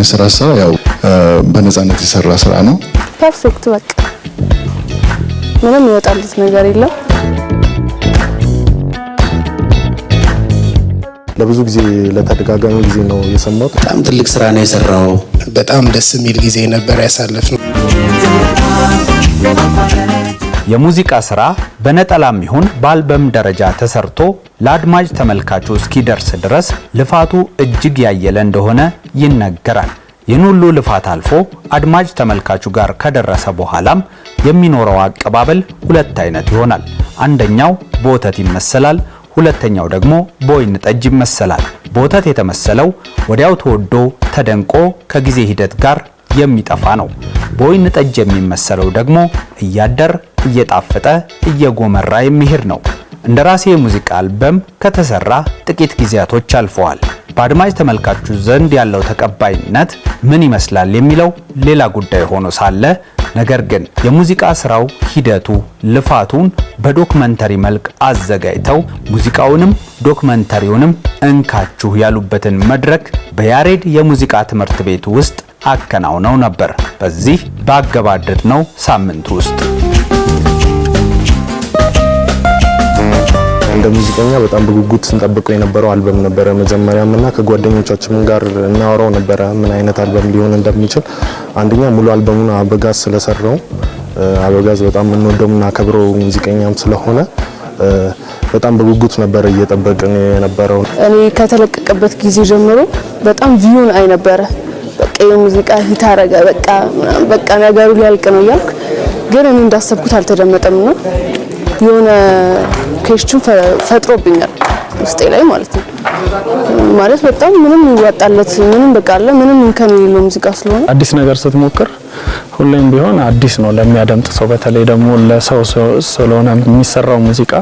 ይህን ስራ ስራ ያው በነፃነት የሰራ ስራ ነው። ፐርፌክት በቃ ምንም ይወጣለት ነገር የለም። ለብዙ ጊዜ ለተደጋጋሚ ጊዜ ነው የሰማሁት። በጣም ትልቅ ስራ ነው የሰራው። በጣም ደስ የሚል ጊዜ ነበር ያሳለፍነው። የሙዚቃ ስራ በነጠላም ይሁን በአልበም ደረጃ ተሰርቶ ለአድማጭ ተመልካቹ እስኪደርስ ድረስ ልፋቱ እጅግ ያየለ እንደሆነ ይነገራል። ይህን ሁሉ ልፋት አልፎ አድማጭ ተመልካቹ ጋር ከደረሰ በኋላም የሚኖረው አቀባበል ሁለት አይነት ይሆናል። አንደኛው በወተት ይመሰላል፣ ሁለተኛው ደግሞ በወይን ጠጅ ይመሰላል። በወተት የተመሰለው ወዲያው ተወዶ ተደንቆ ከጊዜ ሂደት ጋር የሚጠፋ ነው። በወይን ጠጅ የሚመሰለው ደግሞ እያደር እየጣፈጠ እየጎመራ የሚሄድ ነው። እንደ ራሴ የሙዚቃ አልበም ከተሰራ ጥቂት ጊዜያቶች አልፈዋል። በአድማጭ ተመልካቹ ዘንድ ያለው ተቀባይነት ምን ይመስላል የሚለው ሌላ ጉዳይ ሆኖ ሳለ ነገር ግን የሙዚቃ ስራው ሂደቱ፣ ልፋቱን በዶክመንተሪ መልክ አዘጋጅተው ሙዚቃውንም ዶክመንተሪውንም እንካችሁ ያሉበትን መድረክ በያሬድ የሙዚቃ ትምህርት ቤት ውስጥ አከናውነው ነበር። በዚህ ባገባደድ ነው ሳምንት ውስጥ እንደ ሙዚቀኛ በጣም በጉጉት ስንጠብቀው የነበረው አልበም ነበረ። መጀመሪያም እና ከጓደኞቻችንም ጋር እናወራው ነበረ ምን አይነት አልበም ሊሆን እንደሚችል። አንደኛ ሙሉ አልበሙን አበጋዝ ስለሰራው አበጋዝ በጣም የምንወደው የምናከብረው ሙዚቀኛም ስለሆነ በጣም በጉጉት ነበረ እየጠበቅን የነበረው። እኔ ከተለቀቀበት ጊዜ ጀምሮ በጣም ቪዩን አይ ነበረ። በቃ የሙዚቃ ሂት አረገ፣ በቃ በቃ ነገሩ ሊያልቅ ነው እያልኩ ግን እኔ እንዳሰብኩት አልተደመጠም ነው የሆነ ኬሽቹን ፈጥሮብኛል ውስጤ ላይ ማለት ነው። ማለት በጣም ምንም ይዋጣለት ምንም በቃ አለ ምንም እንከን የሌለው ሙዚቃ ስለሆነ አዲስ ነገር ስትሞክር ሁሌም ቢሆን አዲስ ነው ለሚያደምጥ ሰው፣ በተለይ ደግሞ ለሰው ስለሆነ የሚሰራው ሙዚቃ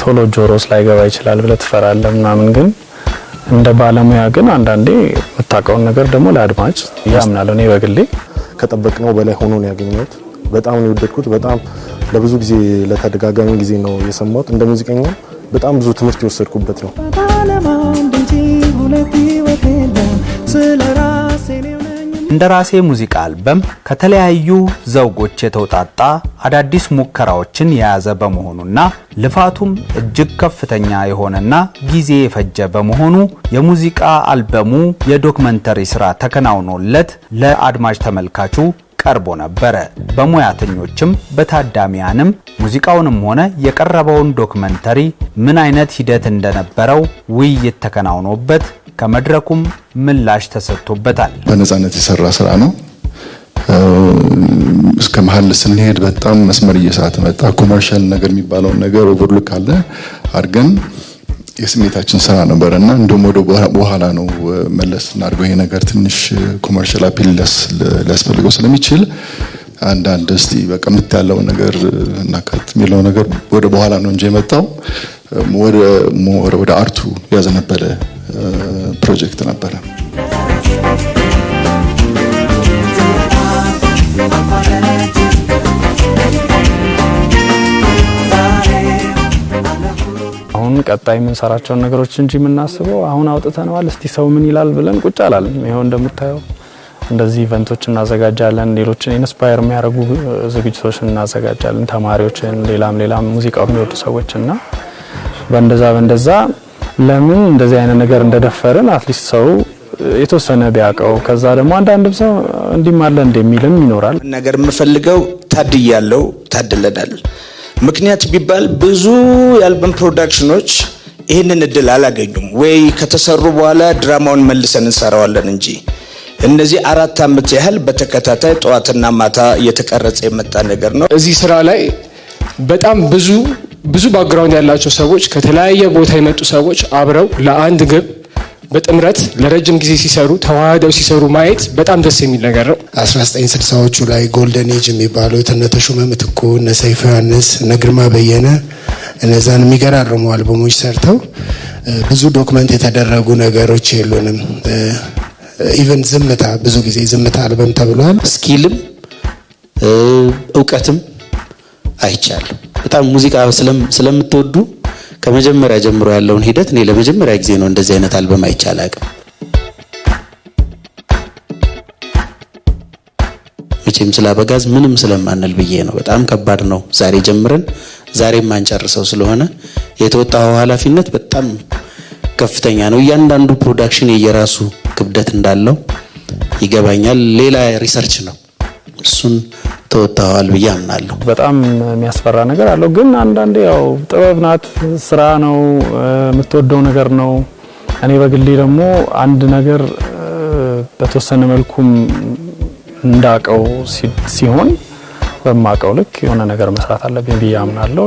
ቶሎ ጆሮስ ላይገባ ይችላል ብለህ ትፈራለህ ምናምን ግን እንደ ባለሙያ ግን አንዳንዴ የምታውቀውን ነገር ደግሞ ለአድማጭ ያምናለሁ። እኔ በግሌ ከጠበቅነው በላይ ሆኖ ነው ያገኘሁት። በጣም ነው የወደድኩት። በጣም ለብዙ ጊዜ ለተደጋጋሚ ጊዜ ነው የሰማሁት። እንደ ሙዚቀኛ በጣም ብዙ ትምህርት የወሰድኩበት ነው። እንደ ራሴ ሙዚቃ አልበም ከተለያዩ ዘውጎች የተውጣጣ አዳዲስ ሙከራዎችን የያዘ በመሆኑና ልፋቱም እጅግ ከፍተኛ የሆነና ጊዜ የፈጀ በመሆኑ የሙዚቃ አልበሙ የዶክመንተሪ ስራ ተከናውኖለት ለአድማጭ ተመልካቹ ቀርቦ ነበረ። በሙያተኞችም በታዳሚያንም ሙዚቃውንም ሆነ የቀረበውን ዶክመንተሪ ምን አይነት ሂደት እንደነበረው ውይይት ተከናውኖበት ከመድረኩም ምላሽ ተሰጥቶበታል። በነጻነት የሰራ ስራ ነው። እስከ መሀል ስንሄድ በጣም መስመር እየሳተ መጣ። ኮመርሻል ነገር የሚባለውን ነገር ኦቨርሉክ አለ አድርገን የስሜታችን ስራ ነበር እና እንደም ወደ በኋላ ነው መለስ እናድርገው ይሄ ነገር ትንሽ ኮመርሻል አፒል ሊያስፈልገው ስለሚችል አንዳንድ እስቲ በቃ የምታለውን ነገር እናካት የሚለው ነገር ወደ በኋላ ነው እንጂ የመጣው ወደ አርቱ ያዘነበለ ፕሮጀክት ነበረ። ቀጣይ የምንሰራቸውን ነገሮች እንጂ የምናስበው አሁን አውጥተነዋል እስቲ ሰው ምን ይላል ብለን ቁጭ አላለም። ይኸው እንደምታየው እንደዚህ ኢቨንቶች እናዘጋጃለን። ሌሎችን ኢንስፓየር የሚያደርጉ ዝግጅቶች እናዘጋጃለን። ተማሪዎችን፣ ሌላም ሌላም ሙዚቃው የሚወዱ ሰዎች እና በእንደዛ በእንደዛ ለምን እንደዚህ አይነት ነገር እንደደፈርን አትሊስት ሰው የተወሰነ ቢያውቀው ከዛ ደግሞ አንዳንድም ሰው እንዲማለ እንደሚልም ይኖራል። ነገር የምፈልገው ታድያለው ታድለናል። ምክንያት ቢባል ብዙ የአልበም ፕሮዳክሽኖች ይህንን እድል አላገኙም ወይ ከተሰሩ በኋላ ድራማውን መልሰን እንሰራዋለን እንጂ እነዚህ አራት ዓመት ያህል በተከታታይ ጠዋትና ማታ እየተቀረጸ የመጣ ነገር ነው። እዚህ ስራ ላይ በጣም ብዙ ብዙ ባክግራውንድ ያላቸው ሰዎች ከተለያየ ቦታ የመጡ ሰዎች አብረው ለአንድ ግብ በጥምረት ለረጅም ጊዜ ሲሰሩ ተዋህደው ሲሰሩ ማየት በጣም ደስ የሚል ነገር ነው። 1960ዎቹ ላይ ጎልደን ኤጅ የሚባሉት እነ ተሾመ ምትኩ፣ እነ ሰይፉ ዮሐንስ፣ እነ ግርማ በየነ እነዛን የሚገራርሙ አልበሞች ሰርተው ብዙ ዶክመንት የተደረጉ ነገሮች የሉንም። ኢቨን ዝምታ ብዙ ጊዜ ዝምታ አልበም ተብሏል። ስኪልም እውቀትም አይቻለሁ። በጣም ሙዚቃ ስለምትወዱ ከመጀመሪያ ጀምሮ ያለውን ሂደት እኔ ለመጀመሪያ ጊዜ ነው እንደዚህ አይነት አልበም አይቻል አቅም መቼም ስለ አበጋዝ ምንም ስለማንል ብዬ ነው። በጣም ከባድ ነው። ዛሬ ጀምረን ዛሬ የማንጨርሰው ስለሆነ የተወጣው ኃላፊነት በጣም ከፍተኛ ነው። እያንዳንዱ ፕሮዳክሽን የየራሱ ክብደት እንዳለው ይገባኛል። ሌላ ሪሰርች ነው። እሱን ተወጥተዋል ብዬ አምናለሁ። በጣም የሚያስፈራ ነገር አለው፣ ግን አንዳንዴ ያው ጥበብ ናት፣ ስራ ነው፣ የምትወደው ነገር ነው። እኔ በግሌ ደግሞ አንድ ነገር በተወሰነ መልኩም እንዳቀው ሲሆን በማቀው ልክ የሆነ ነገር መስራት አለብኝ ብዬ አምናለሁ።